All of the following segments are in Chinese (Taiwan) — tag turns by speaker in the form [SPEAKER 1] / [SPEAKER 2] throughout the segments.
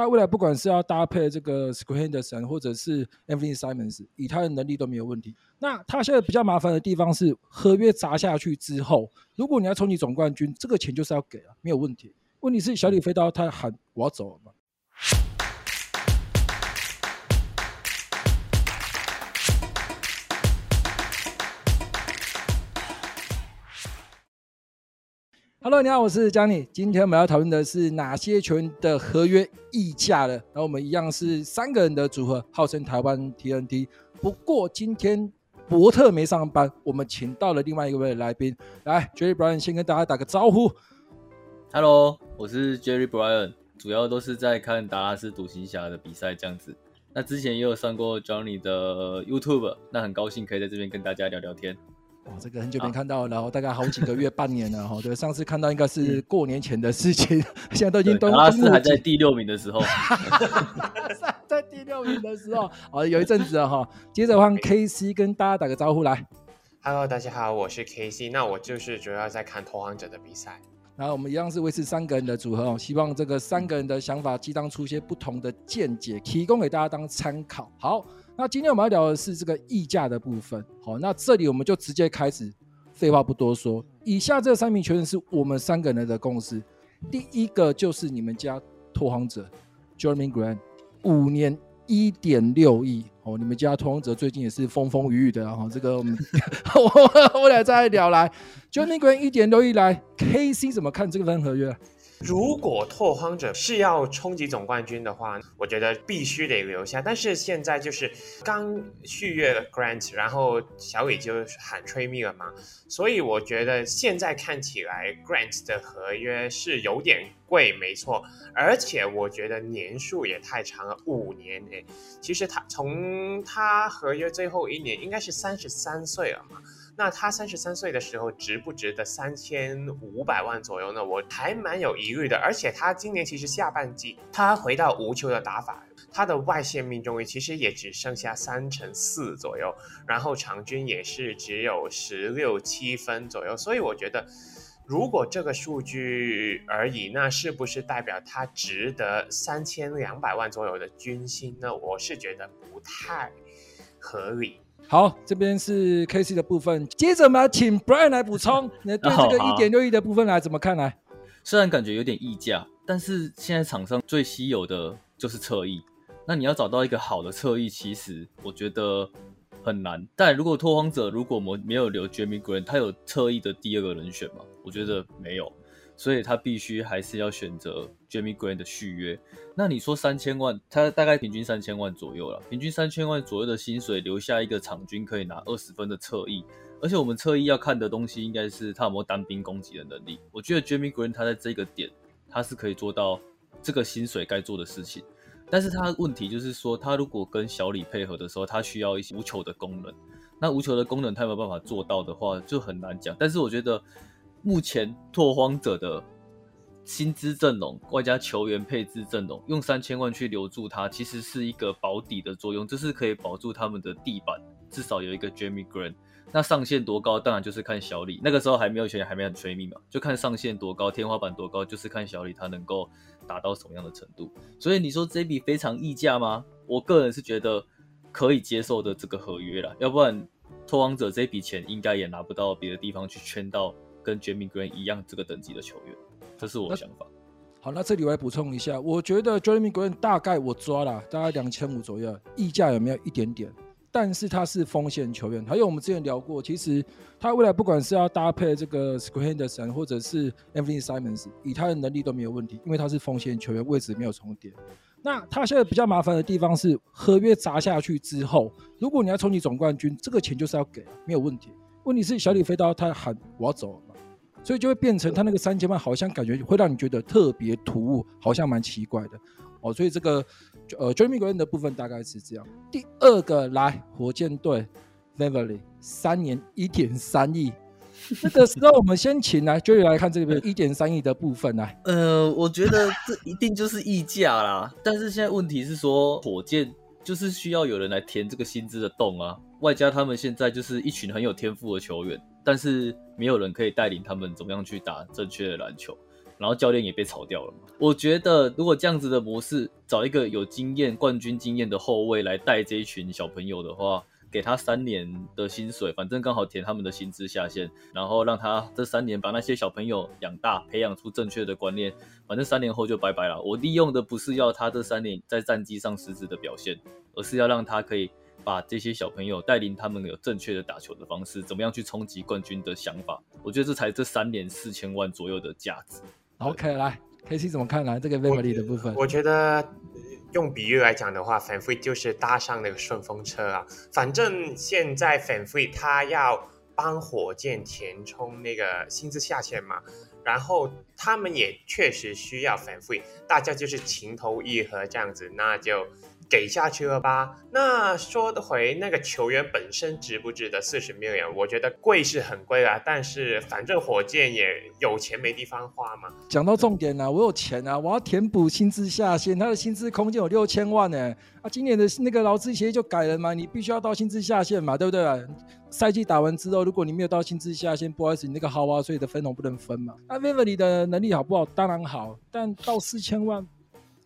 [SPEAKER 1] 他未來不管是要搭配這個 Scoot Henderson 或者是 Anfernee Simons，以他的能力都沒有問題。那他現在比較麻煩的地方是合約砸下去之後，如果你要衝擊總冠軍，這個錢就是要給了，沒有問題。問題是小李飛刀他喊我要走了嗎？Hello，你好，我是 Johnny。今天我們要討論的是哪些球員的合約議價了。然後我們一樣是三個人的組合，號稱台灣 TNT。不過今天伯特沒上班，我們請到了另外一位來賓，來 Jerry Bryant 先跟大家打個招呼。
[SPEAKER 2] Hello，我是 Jerry Bryant，主要都是在看達拉斯獨行俠的比賽這樣子。那之前也有上過 Johnny 的 YouTube，那很高興可以在這邊跟大家聊聊天。
[SPEAKER 1] 哦、這個很久沒看到了，然後、啊哦、大概好幾個月、 半年了哈、哦。對，上次看到應該是過年前的事情，嗯、現在都已經都。拉還在第六名的時候。在 在第六名的時候，啊， 有一陣子哈。接着換 KC 跟大家打個招呼來。
[SPEAKER 3] Okay. Hello，大家好，我是 KC。那我就是主要在看拓荒者的比賽。
[SPEAKER 1] 然後我們一樣是維持三個人的組合哦，希望這個三個人的想法激盪出一些不同的見解，提供給大家當參考。好。那今天我們要聊的是這個溢價的部分。好，那這裡我們就直接開始，廢話不多說。以下這三名球員是我們三個人的共識。第一個就是你們家拓荒者，Jerami Grant，五年一點六億。哦，你們家拓荒者最近也是風風雨雨的啊、哦。這個我們 我倆再聊來，Jerami Grant 一點六億來，KC 怎麼看這份合約？如
[SPEAKER 3] 果拓荒者是要衝擊總冠軍的話，我覺得必須得留下。但是現在就是剛續約了 Grant，然後小李就喊吹密了嘛，所以我覺得現在看起來 Grant 的合約是有點貴，沒錯，而且我覺得年數也太長了，五年哎，其實他從他合約最後一年應該是三十三歲了嘛。那他三十三歲的時候值不值得三千五百萬左右呢？我還蠻有疑慮的。而且他今年其實下半季，他回到無球的打法，他的外線命中率其實也只剩下三成四左右，然後場均也是只有十六七分左右。所以我覺得，如果這個數據而已，那是不是代表他值得三千兩百萬左右的年薪呢？我是覺得不太合理。
[SPEAKER 1] 好，這邊是 KC 的部分。接着嘛，請 Brian 來補充，你對這個一點六億的部分來怎麼看？來，
[SPEAKER 2] 雖然感覺有點溢價，但是現在場上最稀有的就是側翼，那你要找到一個好的側翼，其實我覺得很難。但如果拓荒者如果沒沒有留 Jerami Grant，他有側翼的第二個人選嗎？我覺得沒有，所以他必須還是要選擇。Jerami Grant 的續約，那你說三千萬，他大概平均三千萬左右了，平均三千萬左右的薪水，留下一個場均可以拿二十分的側翼，而且我們側翼要看的東西，應該是他有沒有單兵攻擊的能力。我覺得 Jerami Grant 他在這個點，他是可以做到這個薪水該做的事情，但是他的問題就是說，他如果跟小李配合的時候，他需要一些無球的功能，那無球的功能他有沒有辦法做到的話，就很難講。但是我覺得目前拓荒者的薪資陣容外加球員配置陣容，用三千萬去留住他，其實是一個保底的作用，就是可以保住他們的地板，至少有一個 Jerami Grant。那上限多高？當然就是看小李。那個時候還沒有錢，還沒很催命嘛，就看上限多高，天花板多高，就是看小李他能夠達到什麼樣的程度。所以你說這筆非常溢價嗎？我個人是覺得可以接受的這個合約了，要不然拓荒者這筆錢應該也拿不到別的地方去圈到跟 Jerami Grant 一樣這個等級的球員。這是我
[SPEAKER 1] 的想法。好，那這裡我來補充一下，我覺得 Jeremy g r e e n 大概我抓了大概兩千五左右，溢價有沒有一點點？但是他是鋒線球員，還有我們之前聊過，其實他未來不管是要搭配這個 s q u a r e e n e r s n 或者是 e n t h o n y Simons，以他的能力都沒有問題，因為他是鋒線球員，位置沒有重疊。那他現在比較麻煩的地方是，合約砸下去之後，如果你要衝擊總冠軍，這個錢就是要給，沒有問題。問題是小李飛刀他喊我要走了。所以就會變成他那個三千萬，好像感覺會讓你覺得特別突兀，好像蠻奇怪的哦。所以這個，呃 Jerami Grant 的部分大概是這樣。第二個來，火箭隊 VanVleet 三年一點三億。這 個時候我們先請來 Jerry 來看這邊一點三億的部分呢。來呃，
[SPEAKER 2] 我覺得這一定就是溢價啦。 但是現在問題是說，火箭就是需要有人來填這個薪資的洞啊，外加他們現在就是一群很有天賦的球員。但是沒有人可以帶領他們怎麼樣去打正確的籃球，然後教練也被炒掉了嘛？我覺得如果這樣子的模式，找一個有經驗、冠軍經驗的後衛來帶這一群小朋友的話，給他三年的薪水，反正剛好填他們的薪資下限，然後讓他這三年把那些小朋友養大，培養出正確的觀念。反正三年後就拜拜了。我利用的不是要他這三年在戰績上實質的表現，而是要讓他可以。.把這些小朋友帶領他們有正確的打球的方式，怎麼樣去衝擊冠軍的想法，我覺得這才這三年四千
[SPEAKER 3] 萬左右的價值。
[SPEAKER 1] OK，對來 K C 怎麼看來這個維克的部分，我覺得，我覺得、
[SPEAKER 3] 呃、用比喻來講的話，范弗里就是搭上那個順風車啊。反正現在范弗里他要幫火箭填充那個薪資下限嘛，然後他們也確實需要范弗里，大家就是情投意合這樣子，那就。給下去了吧？那說回那個球員本身值不值得四十 million？我覺得貴是很貴啊。但是反正火箭也有錢沒地方花嘛。
[SPEAKER 1] 講到重點了、啊，我有錢啊，我要填補薪資下限。他的薪資空間有六千萬呢、欸。啊，今年的那個勞資協議就改了嘛，你必須要到薪資下限嘛，對不對、啊？賽季打完之後，如果你沒有到薪資下限，不好意思，你那個、豪啊、所以你的分紅不能分嘛。那 Vivian 你的能力好不好？當然好，但到四千萬。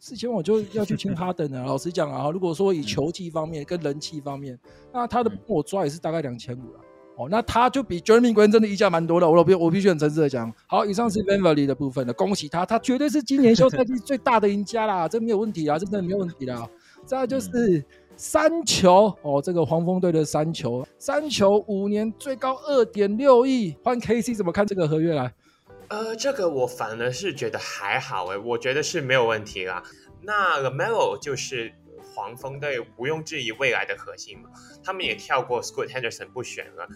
[SPEAKER 1] 四千我就要去簽哈登了。 老實講啊，如果說以球技方面跟人氣方面， 那他的我抓也是大概兩千五了。 哦，那他就比 Jerami Grant 真的溢價蠻多的。我必我必須很誠實的講，好，以上是 VanVleet 的部分了，恭喜他，他絕對是今年休賽季最大的贏家啦， 這沒有問題啦，這真的沒有問題啦。再就是三球哦，這個黃蜂隊的三球，三球五年最高二點六億，換 KC 怎麼看這個合約來？
[SPEAKER 3] 呃，這個我反而是覺得還好哎，我覺得是沒有問題啦。那 Lamelo 就是黃蜂隊毋庸置疑未來的核心嘛，他們也跳過 Scoot Henderson 不選了，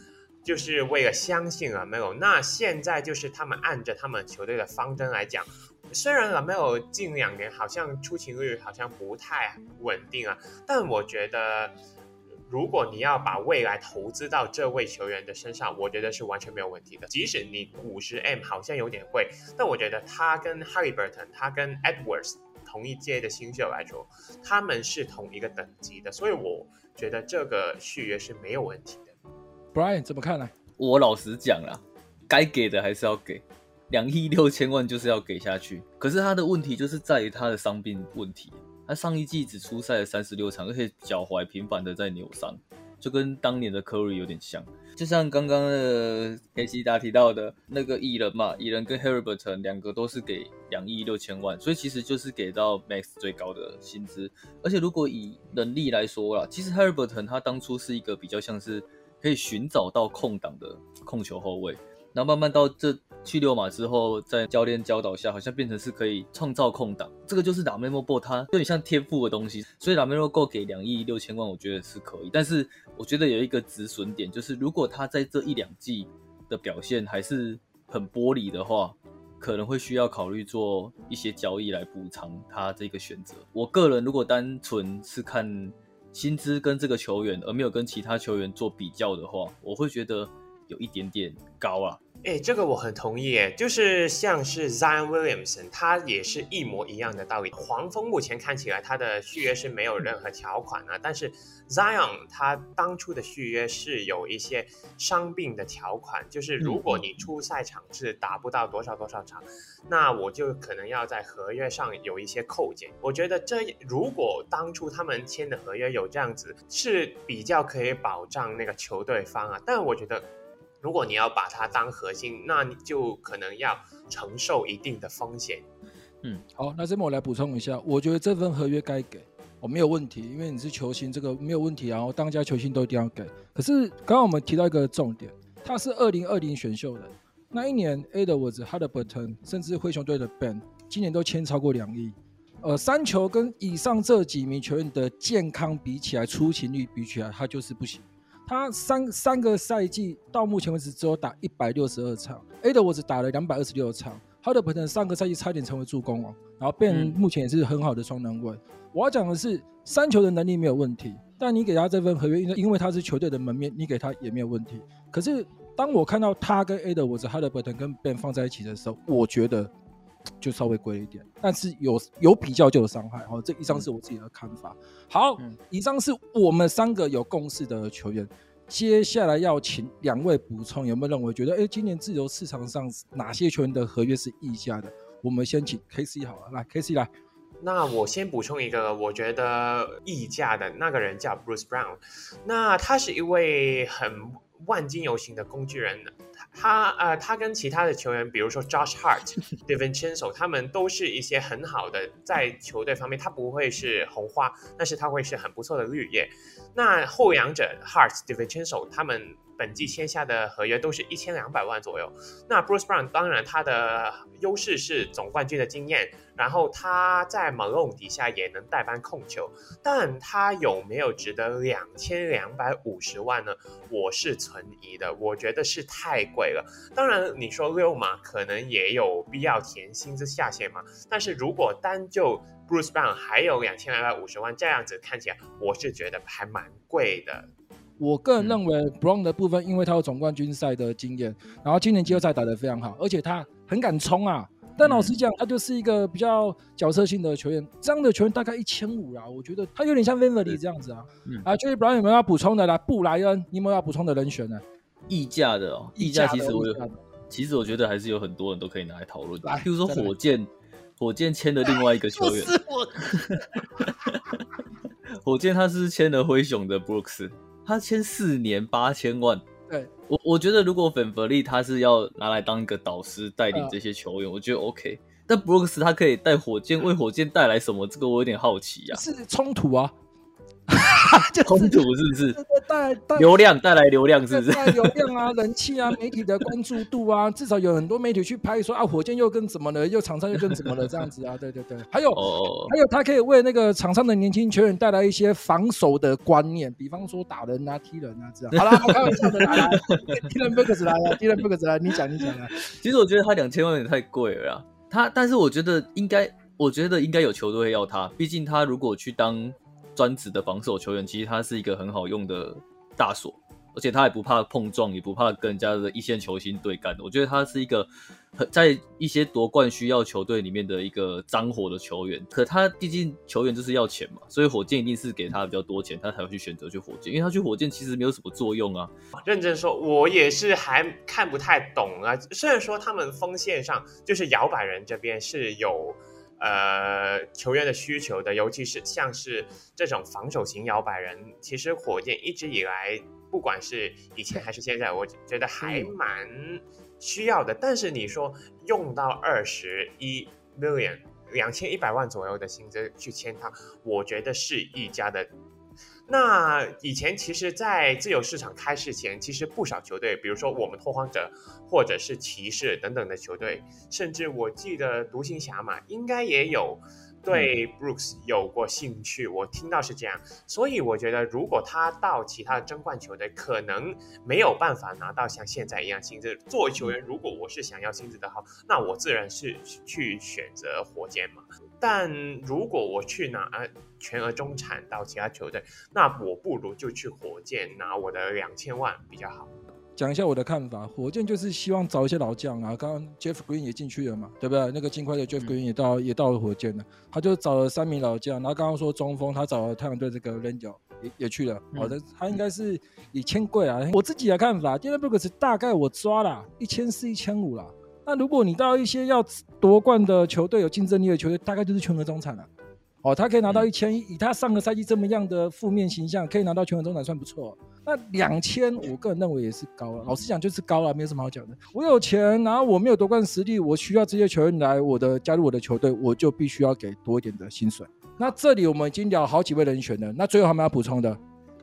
[SPEAKER 3] 就是為了相信 Lamelo。那現在就是他們按着他們球隊的方針來講，雖然 Lamelo 近兩年好像出勤率好像不太穩定啊，但我覺得。如果你要把未來投資到這位球員的身上，我覺得是完全沒有問題的。即使你五十 M 好像有點貴，但我覺得他跟 Haliburton、他跟 Edwards 同一屆的新秀來說，他們是同一個等級的，所以我覺得這個續約是沒有問題的。
[SPEAKER 1] Bryant 怎麼看呢？
[SPEAKER 2] 我老實講啦，該給的還是要給，兩億六千萬就是要給下去。可是他的問題就是在於他的傷病問題。他上一季只出賽了三十六場，而且腳踝頻繁的在扭傷，就跟當年的科瑞有點像。就像剛剛的 K C 大提到的，那個蟻人嘛，蟻人跟 Haliburton 兩個都是給兩億六千萬，所以其實就是給到 Max 最高的薪資。而且如果以能力來說啦，其實 Haliburton 他當初是一個比較像是可以尋找到空檔的控球後衛。然後慢慢到這去溜馬之後，在教練教導下，好像變成是可以創造空檔。這個就是拉梅洛鮑爾，他有點像天賦的東西，所以拉梅洛鮑爾給兩億六千萬，我覺得是可以。但是我覺得有一個止損點，就是如果他在這一兩季的表現還是很玻璃的話，可能會需要考慮做一些交易來補償他這個選擇。我個人如果單純是看薪資跟這個球員，而沒有跟其他球員做比
[SPEAKER 3] 較的話，我會覺得。有一點點高啊，誒，這個我很同意，誒，就是像是 Zion Williamson，他也是一模一樣的道理。黃蜂目前看起來他的續約是沒有任何條款啊，但是 Zion 他當初的續約是有一些傷病的條款，就是如果你出賽場是打不到多少多少場，嗯、那我就可能要在合約上有一些扣減。我覺得這如果當初他們簽的合約有這樣子，是比較可以保障那個球隊方啊，但我覺得。如果你要把它當核心，那你就可能要承受一定的風險。
[SPEAKER 1] 嗯，好，那這邊我來補充一下，我覺得這份合約該給，我、哦、沒有問題，因為你是球星，這個沒有問題、啊。然後當家球星都一定要給。可是剛剛我們提到一個重點，他是二零二零選秀的那一年 Edwards、Haliburton、甚至灰熊隊的 Bane，今年都簽超過兩億。呃，三球跟以上這幾名球員的健康比起來，出勤率比起來，他就是不行。他三三個賽季到目前為止只有打一百六十二場，Edwards 只打了兩百二十六場，Haliburton 上個賽季差點成為助攻王，然後 Ben 目前也是很好的雙能衛。嗯、我要講的是，三球的能力沒有問題，但你給他這份合約，因為因為他是球隊的門面，你給他也沒有問題。可是當我看到他跟 Edwards 或者 Haliburton 跟 Ben 放在一起的時候，我覺得。就稍微貴一點，但是有有比較就有傷害。哦。這以上是我自己的看法。嗯、好，嗯、以上是我們三個有共識的球員。接下來要請兩位補充，有沒有認為覺得，誒，今年自由市場上哪些球員的合約是溢價的？我們先請 KC，好了，來 KC 來。
[SPEAKER 3] 那我先補充一個，我覺得溢價的那個人叫 Bruce Brown，那他是一位很萬金油型的工具人。他呃，他跟其他的球員，比如說 Josh Hart, DiVincenzo 他們都是一些很好的在球隊方面，他不會是紅花，但是他會是很不錯的綠葉。那後兩者 Hart, DiVincenzo 他們。本季簽下的合約都是一千兩百萬左右。那 Bruce Brown 當然他的優勢是總冠軍的經驗，然後他在 Malone 底下也能代班控球，但他有沒有值得兩千兩百五十萬呢？我是存疑的，我覺得是太貴了。當然你說溜馬嘛，可能也有必要填薪資下限嘛。但是如果單就 Bruce Brown 還有兩千兩百五十萬這樣子看起來，我是覺得還蠻貴的。
[SPEAKER 1] 我個人認為，Brown 的部分，因為他有總冠軍賽的經驗，然後今年季後賽打得非常好，而且他很敢衝啊。但老實講，他就是一個比較角色性的球員。這樣的球員大概一千五啦，我覺得他有點像 Vanderbilt 這樣子啊。嗯、啊，就是 Brown 有沒有要補充的啦？布萊恩，你有沒有要補充的人選呢？
[SPEAKER 2] 溢價的哦，溢價其實我有其實我覺得還是有很多人都可以拿來討論的。比來如說火箭，火箭簽的另外一個球員， 是我 火箭他是簽了灰熊的 Brooks。他簽四年八千萬，
[SPEAKER 1] 對
[SPEAKER 2] 我我覺得如果粉佛利他是要拿來當一個導師帶領這些球員，呃、我覺得 OK。但 Brooks 他可以帶火箭，對為火箭帶來什麼？這個我有點好奇
[SPEAKER 1] 呀、啊。是衝突啊。 就很土是不是？帶帶流量帶帶來流量是不是？帶流量啊，人氣啊，媒體的關注度啊，至少有很多媒體去拍說啊，火箭又跟怎麼了，又場上又跟怎麼了這樣子啊，對對對，還有、哦、還有他可以為那個場上的年輕球員帶來一些防守的觀念，比方說打人啊、踢人啊這樣。好了， 我開玩笑的來了， 踢人 box 來了，踢人 box 來，你講你講啦。其實我覺得他兩千萬有點
[SPEAKER 2] 太貴了啦，他但是我覺得應該，我覺得應該有球隊會要他，畢竟他如果去當。專職的防守球員，其實他是一個很好用的大鎖，而且他也不怕碰撞，也不怕跟人家的一線球星對幹。我覺得他是一個很在一些奪冠需要球隊裡面的一個髒活的球員。可他畢竟球員就是要錢嘛，所以火箭一定是給他比較多錢，他才會去選擇去火箭。因為他去火箭其實沒有什麼作用啊，
[SPEAKER 3] 啊。認真說，我也是還看不太懂啊。雖然說他們鋒線上就是搖擺人這邊是有，呃，球員的需求的，尤其是像是這種防守型搖擺人，其實火箭一直以來，不管是以前還是現在，我覺得還蠻需要的。嗯、但是你說用到二十一 million 兩千一百萬左右的薪資去簽他，我覺得是溢價的。那以前其實，在自由市場開市前，其實不少球隊，比如說我們拓荒者，或者是騎士等等的球隊，甚至我記得獨行俠嘛，應該也有對 Brooks 有過興趣。我聽到是這樣，所以我覺得如果他到其他的爭冠球隊，可能沒有辦法拿到像現在一樣薪資。作為球員，如果我是想要薪資的話，那我自然是去選擇火箭嘛。但如果我去拿全額中產到其他球隊，那我不如就去火箭拿我的兩千萬
[SPEAKER 1] 比較好。講一下我的看法，火箭就是希望找一些老將啊，剛剛 Jeff Green 也進去了嘛，對不對？那個金塊的 Jeff Green 也到、嗯、也到了火箭了，他就找了三名老將，然後剛剛說中鋒他找了太陽隊這個 Landale 也也去了，好的、嗯哦，他應該是一千貴啊。嗯、我自己的看法 Dillon Brooks 是大概我抓了一千四一千五了。1, 4, 1, 那如果你到一些要奪冠的球隊，有競爭力的球隊，大概就是全額中產了、啊。哦，他可以拿到一千億，以他上個賽季這麼樣的負面形象，可以拿到全額中產算不錯、啊。那兩千，我個人認為也是高了、啊。老實講，就是高了、啊，嗯、沒有什麼好講的。我有錢，然後我沒有奪冠實力，我需要這些球員來我的，加入我的球隊，我就必須要給多一點的薪水。那這裡我們已經聊好幾位人選了，那最後還沒有要補充的？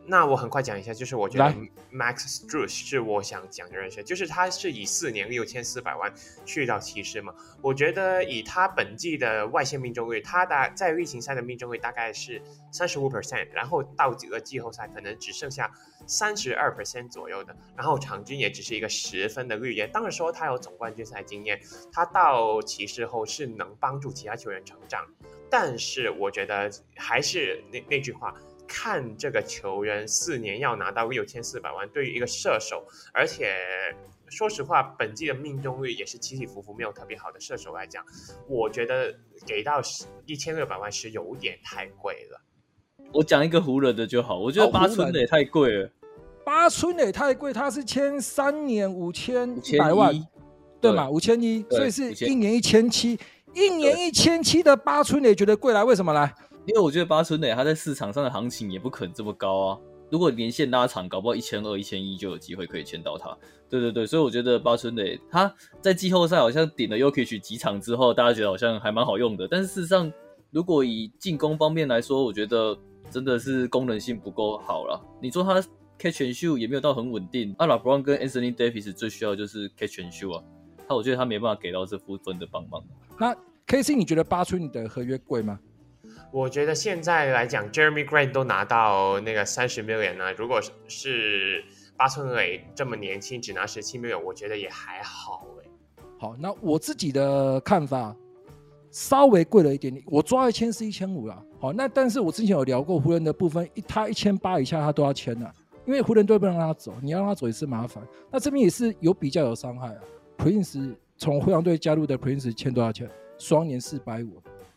[SPEAKER 3] 那我很快講一下，就是我覺得 Max Strus 是我想講的人選，就是他是以四年六千四百萬去到騎士嘛，我覺得以他本季的外線命中率，他的在例行賽的命中率大概是三十五 percent，然後到幾個季後賽可能只剩下三十二 percent 左右的，然後場均也只是一個十分的綠葉。當然說他有總冠軍賽經驗，他到騎士後是能幫助其他球員成長，但是我覺得還是那那句話。看這個球員四年要拿到六千四百萬，對於一個射手，而且說實話，本季的命中率也是起起伏伏，沒有特別好的射手來講，我覺得給到一千六百萬是有點太貴了。
[SPEAKER 2] 我講一個湖人的就好，我覺得八村壘也太貴了。哦、
[SPEAKER 1] 八村也太貴，他是簽三年五千一百萬，一對嘛？對，五千一，所以是一年一千七，對一年一千七的八村，你覺得貴來？為什麼來？因為我覺得八
[SPEAKER 2] 村壘他在市場上的行情也不可能這麼高啊！如果連線拉長，搞不好一千二、一千一就有機會可以簽到他。對對對，所以我覺得八村壘他在季後賽好像頂了 Jokic 幾場之後，大家覺得好像還蠻好用的。但是事實上，如果以進攻方面來說，我覺得真的是功能性不夠好了。你說他 Catch and Shoot 也沒有到很穩定。那、啊、LeBron 跟 Anthony Davis 最需要就是 Catch and Shoot 啊，那我覺得他沒辦法給到這部
[SPEAKER 3] 分的幫忙。
[SPEAKER 1] 那 KC 你覺得八村壘的合約貴嗎？我覺得現在
[SPEAKER 3] 來講，Jerami Grant 都拿到那個三十 million 了、啊。如果是是八村壘這麼年輕，只拿十七 million，我覺得也還好、欸、
[SPEAKER 1] 好，那我自己的看法，稍微貴了一點點。我抓一千是一千五啦。好，那但是我之前有聊過湖人的部分，一他一千八以下他都要簽的、啊，因為湖人隊不讓他走，你要讓他走也是麻煩。那這邊也是有比較有傷害啊。Prince 從湖人隊加入的 Prince 簽多少錢？雙年四百五。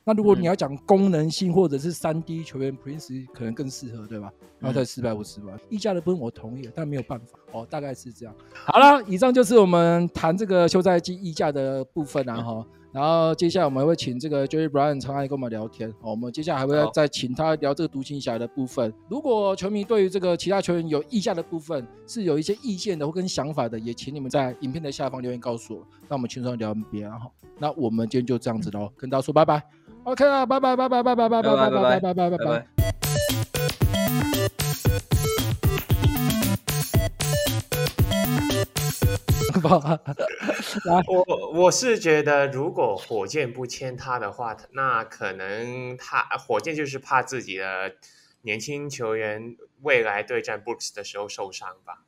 [SPEAKER 1] 那如果你要講功能性或者是三 D 球員 Prince、嗯、可能更適合對吧？然後再四百五十萬溢價的部分我同意，但沒有辦法哦，大概是這樣。好啦，以上就是我們談這個休賽季溢價的部分啊哈、嗯。然後接下來我們會請這個 Jerry Bryant 常常來跟我們聊天，我們接下來還會再請他聊這個獨行俠的部分。好如果球迷對於這個其他球員有溢價的部分是有一些意見的或跟想法的，也請你們在影片的下方留言告訴我。那我們輕鬆地聊 NBA 哈、啊。那我們今天就這樣子嘍，嗯、跟大家說拜拜。OK 啊，拜拜拜拜拜拜拜拜拜拜拜拜拜拜。拜
[SPEAKER 3] 拜，我我是覺得，如果火箭不簽他的話，那可能他火箭就是怕自己的年輕球員未來對戰 Books 的時候受傷吧。